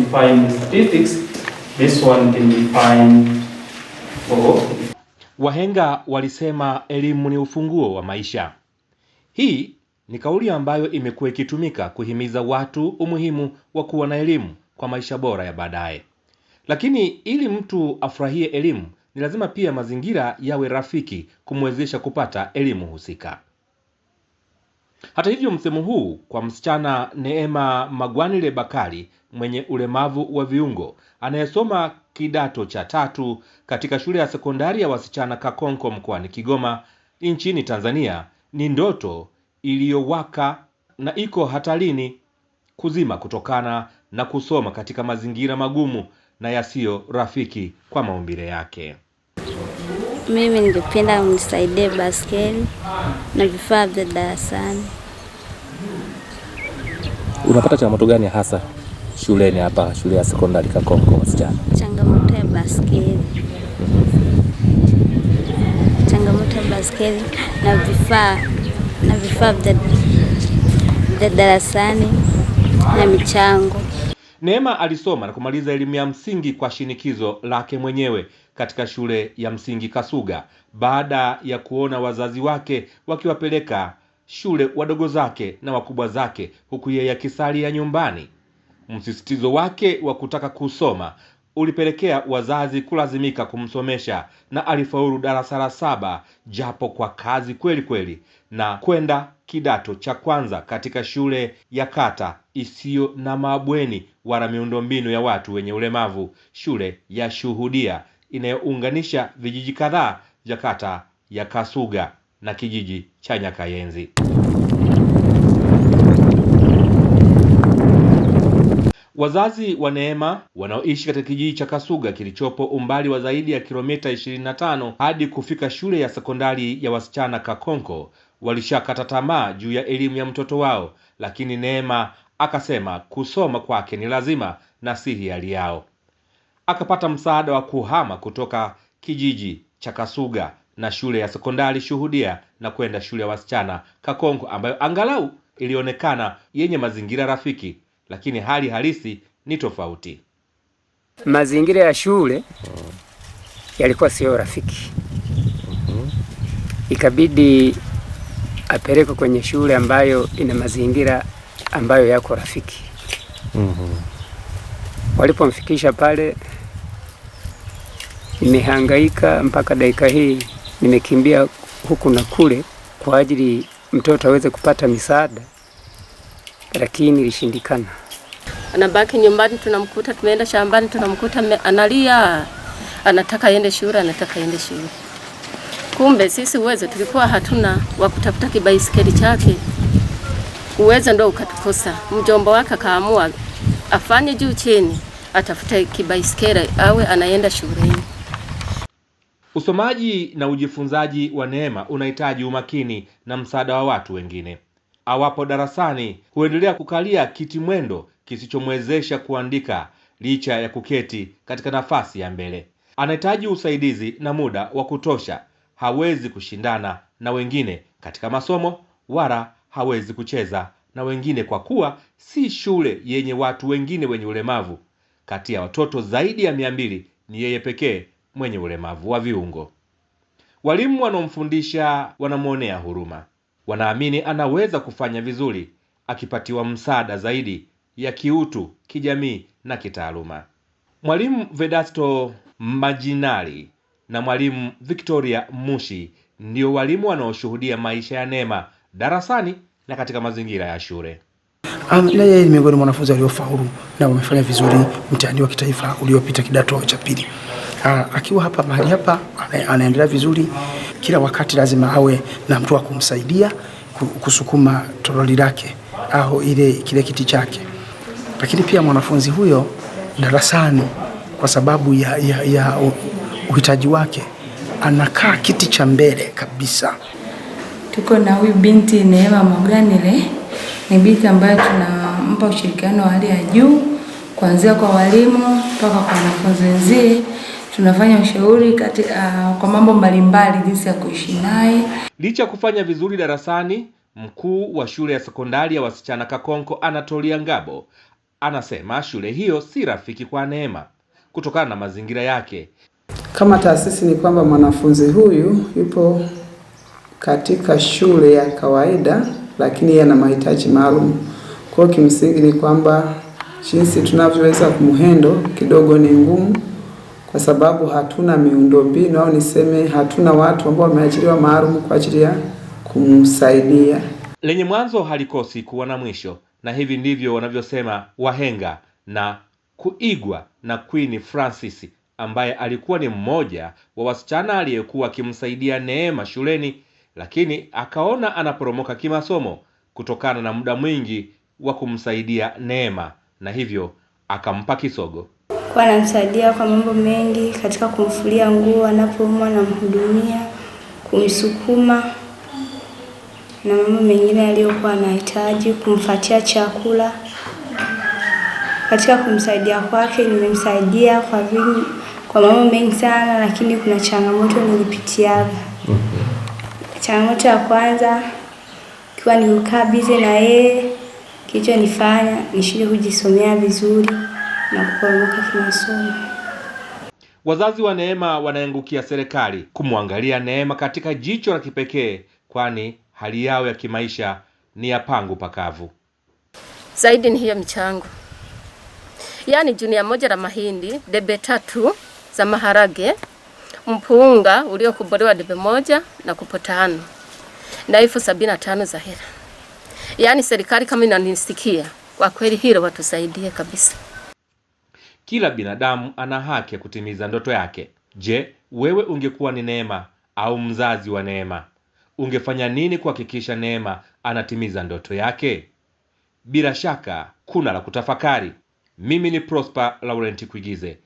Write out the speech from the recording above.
define statistics, this one can define for. Wahenga walisema elimu ni ufunguo wa maisha. Hii ni kauli ambayo imekuwa ikitumika kuhimiza watu umuhimu wa kuwa na elimu kwa maisha bora ya baadaye. Lakini ili mtu afurahie elimu, ni lazima pia mazingira yawe rafiki kumwezesha kupata elimu husika. Hata hivyo, msemo huu kwa msichana Neema Magwanile Bakari mwenye ulemavu wa viungo anayesoma kidato cha tatu katika shule ya sekondari ya wasichana Kakonko mkoani Kigoma nchini Tanzania ni ndoto iliyowaka na iko hatarini kuzima kutokana na kusoma katika mazingira magumu na yasiyo rafiki kwa maumbile yake. Mimi ningependa mnisaidie baskeli na vifaa vya darasani. Unapata changamoto gani hasa shuleni hapa shule ya sekondari Kakonko wasichana? Changamoto ya baskeli, changamoto ya baskeli na vifaa na vifaa vya darasani na michango. Neema alisoma na kumaliza elimu ya msingi kwa shinikizo lake mwenyewe katika shule ya msingi Kasuga baada ya kuona wazazi wake wakiwapeleka shule wadogo zake na wakubwa zake huku yeye akisalia nyumbani. Msisitizo wake wa kutaka kusoma ulipelekea wazazi kulazimika kumsomesha na alifaulu darasa la saba japo kwa kazi kweli kweli, na kwenda kidato cha kwanza katika shule ya kata isiyo na mabweni wala miundombinu ya watu wenye ulemavu, shule ya Shuhudia inayounganisha vijiji kadhaa vya kata ya Kasuga na kijiji cha Nyakayenzi. Wazazi wa Neema wanaoishi katika kijiji cha Kasuga kilichopo umbali wa zaidi ya kilomita 25 hadi kufika shule ya sekondari ya wasichana Kakonko walishakata tamaa juu ya elimu ya mtoto wao, lakini Neema akasema kusoma kwake ni lazima na si hiari yao akapata msaada wa kuhama kutoka kijiji cha Kasuga na shule ya sekondari Shuhudia na kwenda shule ya wasichana kakongo ambayo angalau ilionekana yenye mazingira rafiki, lakini hali halisi ni tofauti. Mazingira ya shule yalikuwa siyo rafiki, ikabidi apelekwe kwenye shule ambayo ina mazingira ambayo yako rafiki. Mhm. Walipomfikisha pale Nimehangaika mpaka dakika hii, nimekimbia huku na kule kwa ajili mtoto aweze kupata misaada, lakini ilishindikana. Anabaki nyumbani, tunamkuta tumeenda shambani, tunamkuta analia, anataka aende shule, anataka aende shule. Kumbe sisi uwezo tulikuwa hatuna wa kutafuta kibaisikeli chake, uwezo ndo ukatukosa. Mjomba wake akaamua afanye juu chini, atafute kibaisikeli awe anaenda shuleni. Usomaji na ujifunzaji wa neema unahitaji umakini na msaada wa watu wengine. Awapo darasani huendelea kukalia kiti mwendo kisichomwezesha kuandika licha ya kuketi katika nafasi ya mbele. Anahitaji usaidizi na muda wa kutosha. Hawezi kushindana na wengine katika masomo wala hawezi kucheza na wengine kwa kuwa si shule yenye watu wengine wenye ulemavu. Kati ya watoto zaidi ya mia mbili ni yeye pekee mwenye ulemavu wa viungo. Walimu wanaomfundisha wanamwonea huruma, wanaamini anaweza kufanya vizuri akipatiwa msaada zaidi ya kiutu, kijamii na kitaaluma. Mwalimu Vedasto Majinali na mwalimu Victoria Mushi ndio walimu wanaoshuhudia maisha ya Neema darasani na katika mazingira ya shule. Na yeye ni miongoni mwa wanafunzi waliofaulu na wamefanya vizuri mtihani wa kitaifa uliopita kidato cha pili akiwa hapa mahali hapa anaendelea vizuri. Kila wakati lazima awe na mtu wa kumsaidia kusukuma toroli lake au ile kile kiti chake, lakini pia mwanafunzi huyo darasani, kwa sababu ya, ya, ya uhitaji wake, anakaa kiti cha mbele kabisa. Tuko na huyu binti Neema Mwaganile, ni binti ambayo tunampa ushirikiano wa hali ya juu kuanzia kwa walimu mpaka kwa wanafunzi wenzie tunafanya ushauri kati, uh, kwa mambo mbalimbali jinsi ya kuishi naye. Licha ya kufanya vizuri darasani, mkuu wa shule ya sekondari ya wasichana Kakonko Anatolia Ngabo anasema shule hiyo si rafiki kwa Neema kutokana na mazingira yake. Kama taasisi ni kwamba mwanafunzi huyu yupo katika shule ya kawaida, lakini yeye ana mahitaji maalum. Kwa hiyo kimsingi ni kwamba jinsi tunavyoweza kumhendo kidogo ni ngumu kwa sababu hatuna miundombinu au niseme hatuna watu ambao wameajiriwa maalum kwa ajili ya kumsaidia. Lenye mwanzo halikosi kuwa na mwisho, na hivi ndivyo wanavyosema wahenga na kuigwa na Queen Francis ambaye alikuwa ni mmoja wa wasichana aliyekuwa akimsaidia Neema shuleni, lakini akaona anaporomoka kimasomo kutokana na muda mwingi wa kumsaidia Neema na hivyo akampa kisogo kuwa anamsaidia kwa mambo mengi, katika kumfulia nguo anapoumwa namhudumia, kumsukuma na mambo mengine aliyokuwa anahitaji, kumfatia chakula. Katika kumsaidia kwake nimemsaidia kwa vingi, kwa mambo mengi sana, lakini kuna changamoto nilipitiaga. Changamoto ya kwanza ikiwa ni kukaa bize na yeye, kilichonifanya nishinde kujisomea vizuri na kuporomoka kimasomo. Wazazi wa Neema wanaangukia serikali kumwangalia Neema katika jicho la kipekee, kwani hali yao ya kimaisha ni ya pangu pakavu. Zaidi ni hiyo michango, yaani junia moja la mahindi, debe tatu za maharage, mpunga uliokubolewa debe moja na kopo tano na elfu sabini na tano za hela. Yaani serikali kama inanisikia, kwa kweli hilo watusaidie kabisa. Kila binadamu ana haki ya kutimiza ndoto yake. Je, wewe ungekuwa ni Neema au mzazi wa Neema, ungefanya nini kuhakikisha Neema anatimiza ndoto yake? Bila shaka kuna la kutafakari. Mimi ni Prosper Laurent Kuigize,